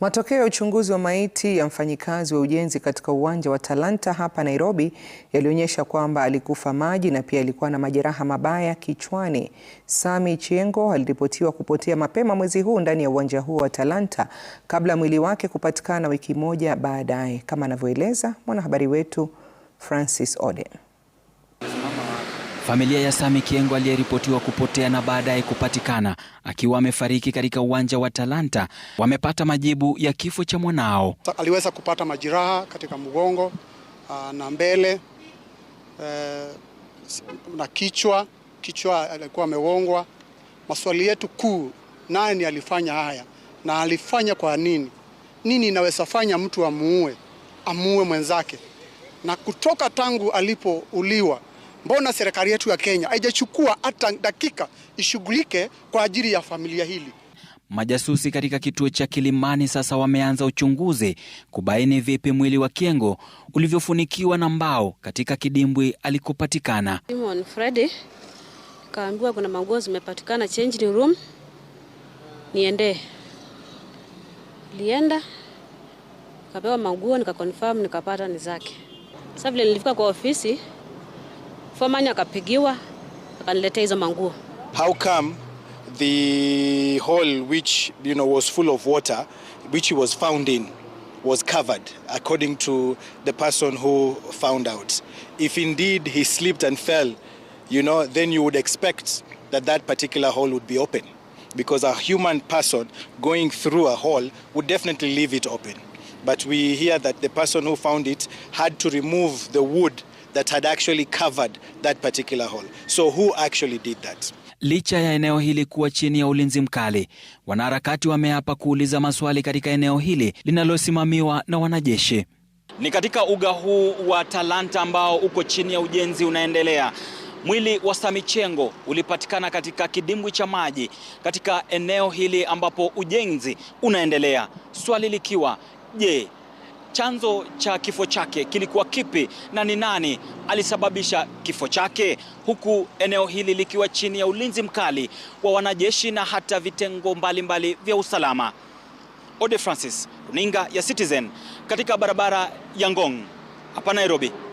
Matokeo ya uchunguzi wa maiti ya mfanyikazi wa ujenzi katika uwanja wa Talanta hapa Nairobi yalionyesha kwamba alikufa maji na pia alikuwa na majeraha mabaya kichwani. Sami Chiengo aliripotiwa kupotea mapema mwezi huu ndani ya uwanja huo wa Talanta kabla mwili wake kupatikana wiki moja baadaye, kama anavyoeleza mwanahabari wetu Francis Oden. Familia ya Sami Kiengo aliyeripotiwa kupotea na baadaye kupatikana akiwa amefariki katika uwanja wa Talanta wamepata majibu ya kifo cha mwanao. Aliweza kupata majeraha katika mgongo ah, na mbele eh, na kichwa. Kichwa alikuwa amewongwa. Maswali yetu kuu, nani alifanya haya na alifanya kwa nini? Nini inaweza fanya mtu amuue, amuue mwenzake? Na kutoka tangu alipouliwa Mbona serikali yetu ya Kenya haijachukua hata dakika ishughulike kwa ajili ya familia hili? Majasusi katika kituo cha Kilimani sasa wameanza uchunguzi kubaini vipi mwili wa Kiengo ulivyofunikiwa na mbao katika kidimbwi alikopatikana. Simon Friday kaambiwa kuna manguo zimepatikana changing room, niende lienda kapewa manguo, nikakonfirm nikapata ni zake. Sasa vile nilifika kwa ofisi Fomani akapigiwa akaniletea hizo manguo. How come the hole which you know was full of water which he was found in was covered according to the person who found out if indeed he slipped and fell you know then you would expect that that particular hole would be open because a human person going through a hole would definitely leave it open but we hear that the person who found it had to remove the wood that had actually covered that particular hole. So who actually did that? Licha ya eneo hili kuwa chini ya ulinzi mkali, wanaharakati wameapa kuuliza maswali katika eneo hili linalosimamiwa na wanajeshi. Ni katika uga huu wa Talanta ambao uko chini ya ujenzi unaendelea. Mwili wa Samichengo ulipatikana katika kidimbwi cha maji katika eneo hili ambapo ujenzi unaendelea, swali likiwa je, chanzo cha kifo chake kilikuwa kipi na ni nani alisababisha kifo chake, huku eneo hili likiwa chini ya ulinzi mkali wa wanajeshi na hata vitengo mbalimbali mbali vya usalama. Ode Francis, runinga ya Citizen katika barabara ya Ngong hapa Nairobi.